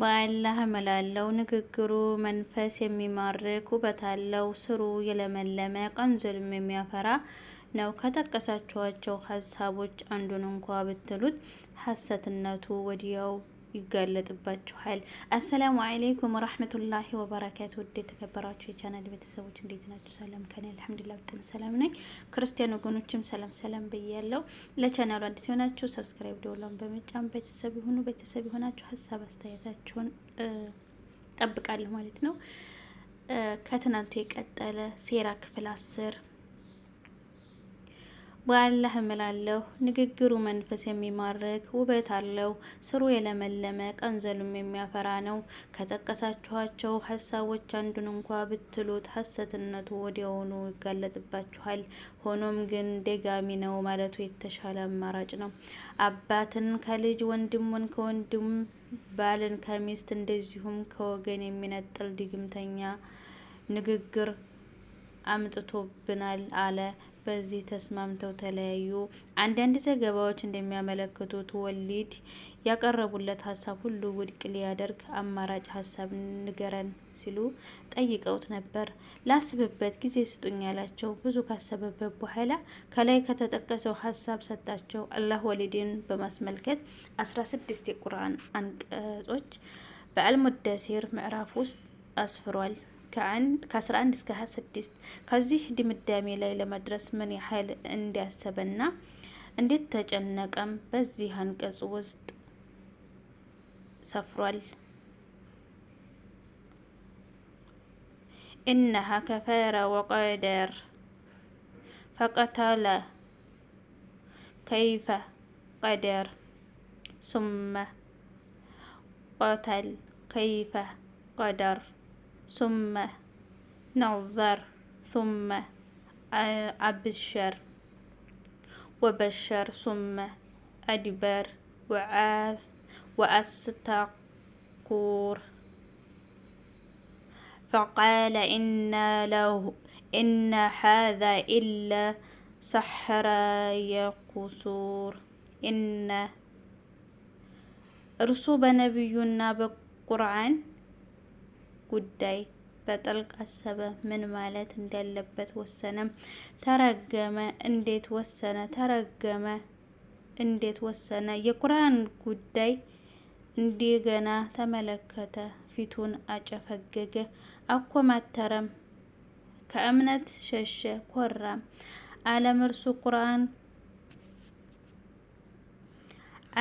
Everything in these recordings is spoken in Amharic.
በአላህ መላለው ንግግሩ መንፈስ የሚማርክ ውበት አለው። ስሩ የለመለመ ቀንዝልም የሚያፈራ ነው። ከጠቀሳችኋቸው ሀሳቦች አንዱን እንኳ ብትሉት ሀሰትነቱ ወዲያው ይጋለጥባችኋል። አሰላሙ አሌይኩም ረህመቱላሂ ወበረካቱ። ውድ የተከበራችሁ የቻናል ቤተሰቦች እንዴት ናችሁ? ሰላም ከኔ አልሐምዱሊላህ በጣም ሰላም ነኝ። ክርስቲያን ወገኖችም ሰላም ሰላም ብያለሁ። ለቻናሉ አዲስ የሆናችሁ ሰብስክራይብ ደውላን በመጫን ቤተሰብ የሆኑ ቤተሰብ የሆናችሁ ሀሳብ አስተያየታችሁን ጠብቃለሁ ማለት ነው። ከትናንቱ የቀጠለ ሴራ ክፍል አስር በአላህ እምላለሁ ንግግሩ መንፈስ የሚማርክ ውበት አለው። ስሩ የለመለመ ቀንዘሉም የሚያፈራ ነው። ከጠቀሳችኋቸው ሀሳቦች አንዱን እንኳ ብትሉት ሀሰትነቱ ወዲያውኑ ይጋለጥባችኋል። ሆኖም ግን ደጋሚ ነው ማለቱ የተሻለ አማራጭ ነው። አባትን ከልጅ ወንድሙን ከወንድም ባልን ከሚስት እንደዚሁም ከወገን የሚነጥል ድግምተኛ ንግግር አምጥቶብናል አለ። በዚህ ተስማምተው ተለያዩ። አንዳንድ ዘገባዎች እንደሚያመለክቱት ወሊድ ያቀረቡለት ሀሳብ ሁሉ ውድቅ ሊያደርግ አማራጭ ሀሳብ ንገረን ሲሉ ጠይቀውት ነበር። ላስብበት ጊዜ ስጡኝ ያላቸው ብዙ ካሰበበት በኋላ ከላይ ከተጠቀሰው ሀሳብ ሰጣቸው። አላህ ወሊድን በማስመልከት አስራ ስድስት የቁርአን አንቀጾች በአልሙደሲር ምዕራፍ ውስጥ አስፍሯል። ከ11 እስከ 26 ከዚህ ድምዳሜ ላይ ለመድረስ ምን ያህል እንዲያሰበና እንዴት ተጨነቀም በዚህ አንቀጽ ውስጥ ሰፍሯል። ኢነሃ ከፈረ ወቀደር ፈቀተለ ከይፈ ቀደር ሱመ ቆተል ከይፈ ቀደር ثم نعذر ثم أبشر وبشر ثم أدبر وعاذ وأستقر فقال إن له إن هذا إلا سحر يقصور إن رسوب نبينا بالقرآن ጉዳይ በጥልቅ አሰበ። ምን ማለት እንዳለበት ወሰነም። ተረገመ እንዴት ወሰነ? ተረገመ እንዴት ወሰነ? የቁርአን ጉዳይ እንደገና ተመለከተ። ፊቱን አጨፈገገ፣ አኮማተረም፣ ከእምነት ሸሸ፣ ኮራም። አለም እርሱ ቁርአን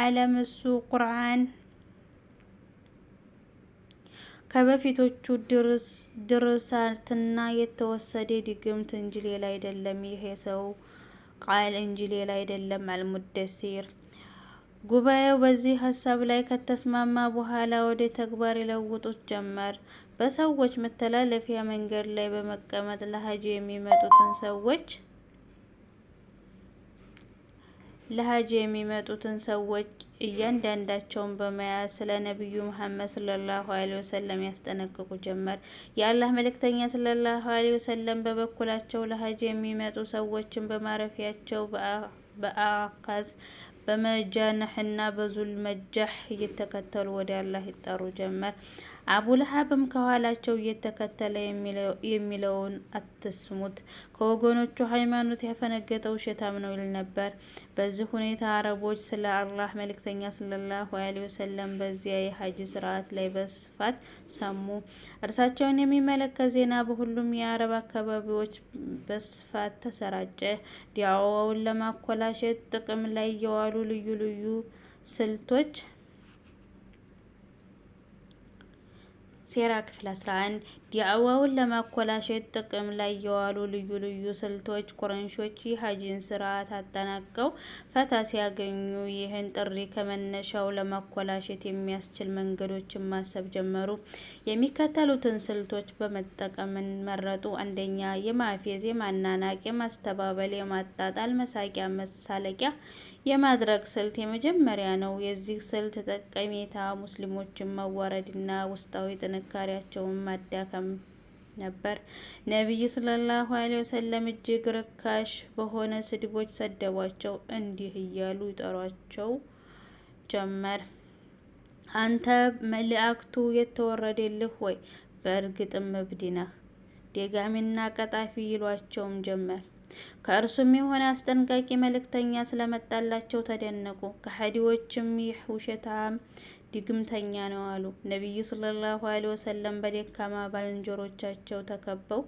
አለም እሱ ቁርአን ከበፊቶቹ ድርሳትና የተወሰደ ድግምት እንጂ ሌላ አይደለም። ይህ የሰው ቃል እንጂ ሌላ አይደለም። አልሙደሲር ጉባኤው በዚህ ሀሳብ ላይ ከተስማማ በኋላ ወደ ተግባር የለውጡት ጀመር። በሰዎች መተላለፊያ መንገድ ላይ በመቀመጥ ለሀጅ የሚመጡትን ሰዎች ለሀጅ የሚመጡትን ሰዎች እያንዳንዳቸውን በመያዝ ስለ ነቢዩ መሐመድ ሰለላሁ አለይሂ ወሰለም ያስጠነቅቁ ጀመር። የአላህ መልእክተኛ ሰለላሁ አለይሂ ወሰለም በበኩላቸው ለሀጅ የሚመጡ ሰዎችን በማረፊያቸው በአካዝ በመጃነህና በዙል መጃህ እየተከተሉ ወደ አላህ ይጠሩ ጀመር። አቡልሃብም ከኋላቸው እየተከተለ የሚለውን አትስሙት፣ ከወገኖቹ ሃይማኖት ያፈነገጠ ውሸታም ነው ይል ነበር። በዚህ ሁኔታ አረቦች ስለ አላህ መልእክተኛ ሰለላሁ ዐለይሂ ወሰለም በዚያ የሀጅ ስርዓት ላይ በስፋት ሰሙ። እርሳቸውን የሚመለከት ዜና በሁሉም የአረብ አካባቢዎች በስፋት ተሰራጨ። ዲያዋውን ለማኮላሸት ጥቅም ላይ የዋሉ ልዩ ልዩ ስልቶች ሴራ ክፍል 11 ዲአዋውን ለማኮላሸት ጥቅም ላይ የዋሉ ልዩ ልዩ ስልቶች ቁረንሾች የሀጂን ስርዓት አጠናቀው ፈታ ሲያገኙ ይህን ጥሪ ከመነሻው ለማኮላሸት የሚያስችል መንገዶችን ማሰብ ጀመሩ። የሚከተሉትን ስልቶች በመጠቀም መረጡ። አንደኛ፣ የማፌዝ፣ የማናናቅ፣ የማስተባበል፣ የማጣጣል መሳቂያ መሳለቂያ የማድረግ ስልት የመጀመሪያ ነው። የዚህ ስልት ጠቀሜታ ሙስሊሞችን መዋረድና ውስጣዊ ጥንካሬያቸውን ማዳከም ነበር። ነቢዩ ሰለላሁ ዐለይሂ ወሰለም እጅግ ርካሽ በሆነ ስድቦች ሰደቧቸው። እንዲህ እያሉ ይጠሯቸው ጀመር። አንተ መልአክቱ የተወረደልህ ወይ? በእርግጥም እብድ ነህ። ደጋሚና ቀጣፊ ይሏቸውም ጀመር። ከእርሱም የሆነ አስጠንቃቂ መልእክተኛ ስለመጣላቸው ተደነቁ። ከሀዲዎችም ይህ ውሸታም ድግምተኛ ነው አሉ። ነቢዩ ሰለላሁ ዐለይሂ ወሰለም በደካማ ባልንጀሮቻቸው ተከበው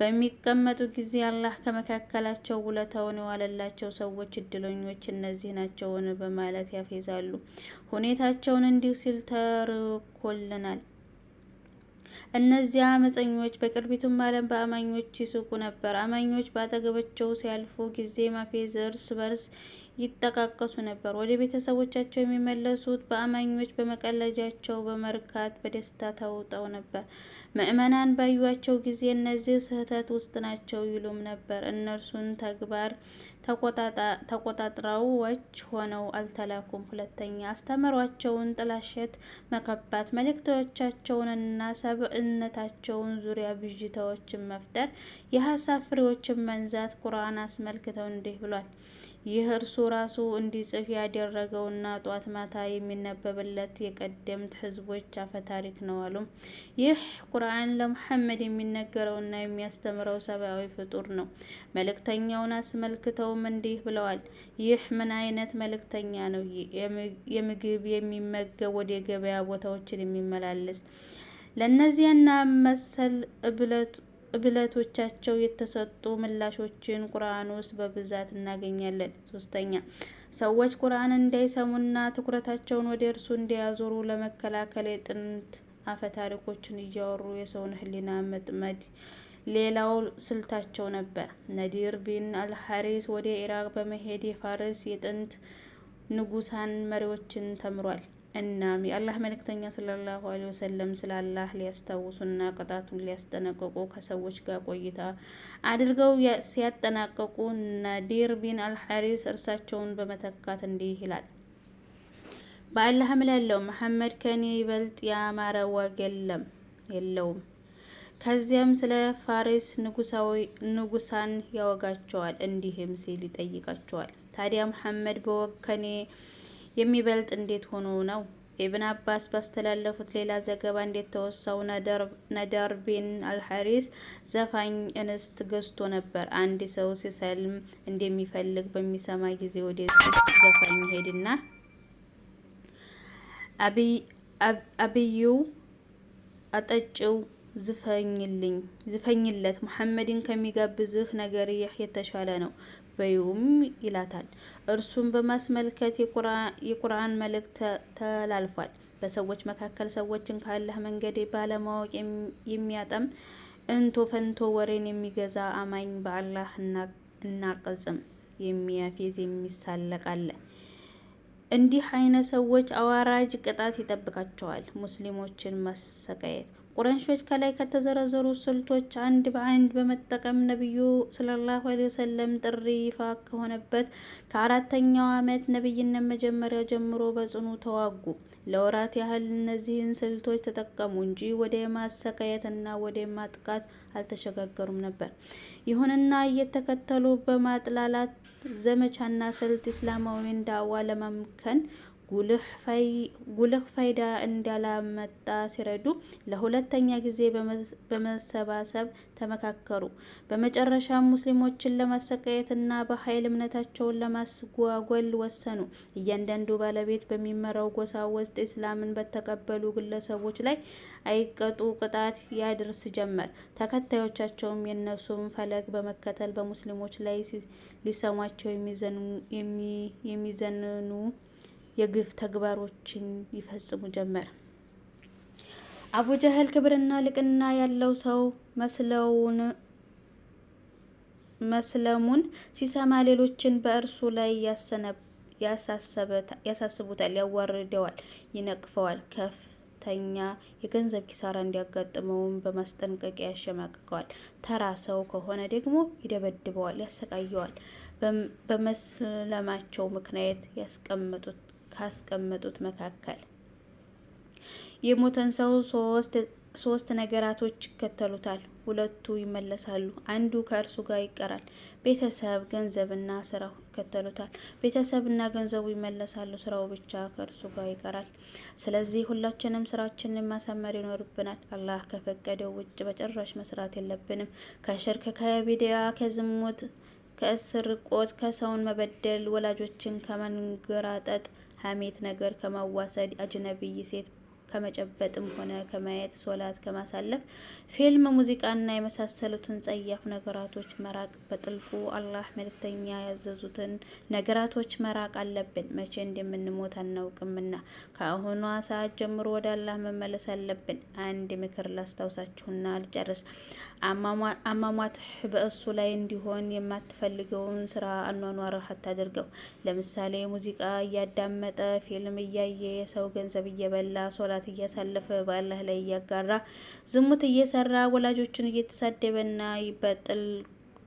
በሚቀመጡ ጊዜ አላህ ከመካከላቸው ውለታውን የዋለላቸው ሰዎች እድለኞች እነዚህ ናቸውን በማለት ያፌዛሉ። ሁኔታቸውን እንዲህ ሲል ተርኮልናል። እነዚያ አመፀኞች በቅርቢቱም ዓለም በአማኞች ይስቁ ነበር። አማኞች በአጠገባቸው ሲያልፉ ጊዜ ማፌዝ እርስ በርስ ይጠቃቀሱ ነበር። ወደ ቤተሰቦቻቸው የሚመለሱት በአማኞች በመቀለጃቸው በመርካት በደስታ ተውጠው ነበር። ምእመናን ባዩቸው ጊዜ እነዚህ ስህተት ውስጥ ናቸው ይሉም ነበር። እነርሱን ተግባር ተቆጣጣሪዎች ሆነው አልተላኩም። ሁለተኛ አስተምሯቸውን ጥላሸት መከባት፣ መልእክቶቻቸውንና ሰብእነታቸውን ዙሪያ ብዥታዎችን መፍጠር፣ የሀሳብ ፍሬዎችን መንዛት ቁርአን አስመልክተው እንዲህ ብሏል። ይህ እርሱ ራሱ እንዲጽፍ ያደረገውና ጧት ማታ የሚነበብለት የቀደምት ህዝቦች አፈታሪክ ነው አሉ። ይህ ቁርአን ለሙሐመድ የሚነገረውና የሚያስተምረው ሰብአዊ ፍጡር ነው። መልእክተኛውን አስመልክተውም እንዲህ ብለዋል። ይህ ምን አይነት መልእክተኛ ነው? የምግብ የሚመገብ ወደ ገበያ ቦታዎችን የሚመላለስ ለእነዚያና መሰል እብለቱ ብለቶቻቸው የተሰጡ ምላሾችን ቁርአን ውስጥ በብዛት እናገኛለን። ሶስተኛ ሰዎች ቁርአን እንዳይሰሙና ትኩረታቸውን ወደ እርሱ እንዲያዞሩ ለመከላከል የጥንት አፈ ታሪኮችን እያወሩ የሰውን ህሊና መጥመድ ሌላው ስልታቸው ነበር። ነዲር ቢን አልሐሪስ ወደ ኢራቅ በመሄድ የፋርስ የጥንት ንጉሳን መሪዎችን ተምሯል። እናም የአላህ መልእክተኛ ሰለላሁ ዐለይሂ ወሰለም ስለ አላህ ሊያስታውሱና ቅጣቱን ሊያስጠነቀቁ ከሰዎች ጋር ቆይታ አድርገው ሲያጠናቀቁ ናዲር ቢን አልሐሪስ እርሳቸውን በመተካት እንዲህ ይላል። በአላህ እምላለሁ መሐመድ ከኔ ይበልጥ ያማረ ወግ የለም የለውም። ከዚያም ስለ ፋሪስ ንጉሳን ያወጋቸዋል። እንዲህም ሲል ይጠይቃቸዋል፣ ታዲያ መሐመድ በወግ ከኔ የሚበልጥ እንዴት ሆኖ ነው? ኢብን አባስ ባስተላለፉት ሌላ ዘገባ እንደተወሳው ነደር ቢን አልሐሪስ ዘፋኝ እንስት ገዝቶ ነበር። አንድ ሰው ሲሰልም እንደሚፈልግ በሚሰማ ጊዜ ወደ ዘፋኝ ይሄድና አብዩ አጠጭው ዝፈኝልኝ ዝፈኝለት፣ መሐመድን ከሚጋብዝህ ነገር ይህ የተሻለ ነው አትበይውም ይላታል። እርሱን በማስመልከት የቁርአን መልእክት ተላልፏል። በሰዎች መካከል ሰዎችን ከአላህ መንገድ ባለማወቅ የሚያጠም እንቶ ፈንቶ ወሬን የሚገዛ አማኝ በአላህ እናቅጽም የሚያፌዝ የሚሳለቅ አለ። እንዲህ አይነት ሰዎች አዋራጅ ቅጣት ይጠብቃቸዋል። ሙስሊሞችን ማሰቃየት ቁረንሾች ከላይ ከተዘረዘሩ ስልቶች አንድ በአንድ በመጠቀም ነቢዩ ሰለላሁ ዐለይሂ ወሰለም ጥሪ ይፋ ከሆነበት ከአራተኛው ዓመት ነቢይነት መጀመሪያ ጀምሮ በጽኑ ተዋጉ። ለወራት ያህል እነዚህን ስልቶች ተጠቀሙ እንጂ ወደ ማሰቃየትና ወደ ማጥቃት አልተሸጋገሩም ነበር። ይሁንና እየተከተሉ በማጥላላት ዘመቻና ስልት ኢስላማዊን ዳዋ ለማምከን ጉልህ ፋይዳ እንዳላመጣ ሲረዱ ለሁለተኛ ጊዜ በመሰባሰብ ተመካከሩ። በመጨረሻ ሙስሊሞችን ለማሰቃየት እና በኃይል እምነታቸውን ለማስጓጎል ወሰኑ። እያንዳንዱ ባለቤት በሚመራው ጎሳ ውስጥ እስላምን በተቀበሉ ግለሰቦች ላይ አይቀጡ ቅጣት ያድርስ ጀመር። ተከታዮቻቸውም የእነሱን ፈለግ በመከተል በሙስሊሞች ላይ ሊሰሟቸው የሚዘንኑ የግፍ ተግባሮችን ይፈጽሙ ጀመር። አቡጀህል ክብርና ልቅና ያለው ሰው መስለውን መስለሙን ሲሰማ ሌሎችን በእርሱ ላይ ያሳስቡታል፣ ያዋርደዋል፣ ይነቅፈዋል። ከፍተኛ የገንዘብ ኪሳራ እንዲያጋጥመውን በማስጠንቀቂያ ያሸማቅቀዋል። ተራ ሰው ከሆነ ደግሞ ይደበድበዋል፣ ያሰቃየዋል። በመስለማቸው ምክንያት ያስቀመጡት ካስቀመጡት መካከል የሞተን ሰው ሶስት ነገራቶች ይከተሉታል። ሁለቱ ይመለሳሉ፣ አንዱ ከእርሱ ጋር ይቀራል። ቤተሰብ፣ ገንዘብና ስራው ይከተሉታል። ቤተሰብና ገንዘቡ ይመለሳሉ፣ ስራው ብቻ ከእርሱ ጋር ይቀራል። ስለዚህ ሁላችንም ስራችንን ማሳመር ይኖርብናል። አላህ ከፈቀደው ውጭ በጭራሽ መስራት የለብንም። ከሽርክ፣ ከቢድያ፣ ከዝሙት፣ ከስርቆት ከሰውን መበደል፣ ወላጆችን ከመንገራጠጥ ሀሜት ነገር ከማዋሰድ አጅነብይ ሴት ከመጨበጥም ሆነ ከማየት፣ ሶላት ከማሳለፍ፣ ፊልም፣ ሙዚቃና የመሳሰሉትን ጸያፍ ነገራቶች መራቅ፣ በጥልቁ አላህ መልክተኛ ያዘዙትን ነገራቶች መራቅ አለብን። መቼ እንደምንሞት አናውቅምና ከአሁኗ ሰዓት ጀምሮ ወደ አላህ መመለስ አለብን። አንድ ምክር ላስታውሳችሁና ልጨርስ። አሟሟትህ በእሱ ላይ እንዲሆን የማትፈልገውን ስራ አኗኗርህ አታድርገው። ለምሳሌ ሙዚቃ እያዳመጠ ፊልም እያየ የሰው ገንዘብ እየበላ ሶላት ሰዓት እያሳለፈ ባላህ ላይ እያጋራ ዝሙት እየሰራ ወላጆችን እየተሳደበና ይበጥል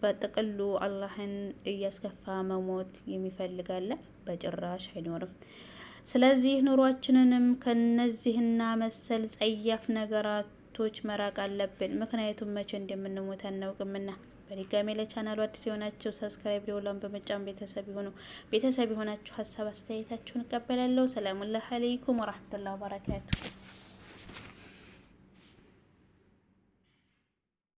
በጥቅሉ አላህን እያስከፋ መሞት የሚፈልጋለ በጭራሽ አይኖርም። ስለዚህ ኑሯችንንም ከነዚህና መሰል ጸያፍ ነገራቶች መራቅ አለብን። ምክንያቱም መቼ እንደምንሞት አናውቅምና። በድጋሜ ለቻናሉ አዲስ የሆናችሁ ሰብስክራይብ ደወሏን በመጫን ቤተሰብ የሆኑ ቤተሰብ የሆናችሁ ሀሳብ አስተያየታችሁን እቀበላለሁ። ሰላሙላህ አለይኩም ወራህመቱላሂ ወበረካቱ